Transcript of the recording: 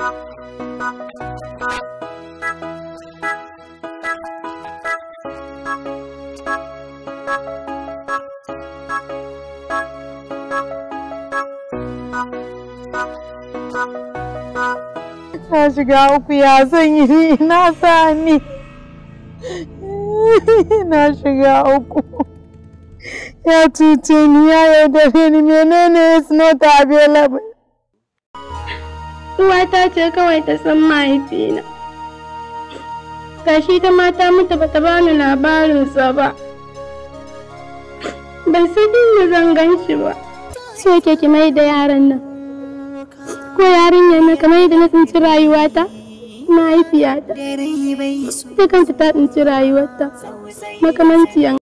Na shiga uku ya zan yi na sani. Na shiga uku. Ya cuce ni ya yaudare ni menene is not available. ta ce kawai ta san mahaifina shi ta mata mutu ba ta bani labarinsa ba ban san inda zan gan shi ba so yake ki mai da yaran nan ko yarinyar na kamar yadda na tsinci rayuwata mahaifiyata Ta kanta ta tsinci rayuwarta makamanciyan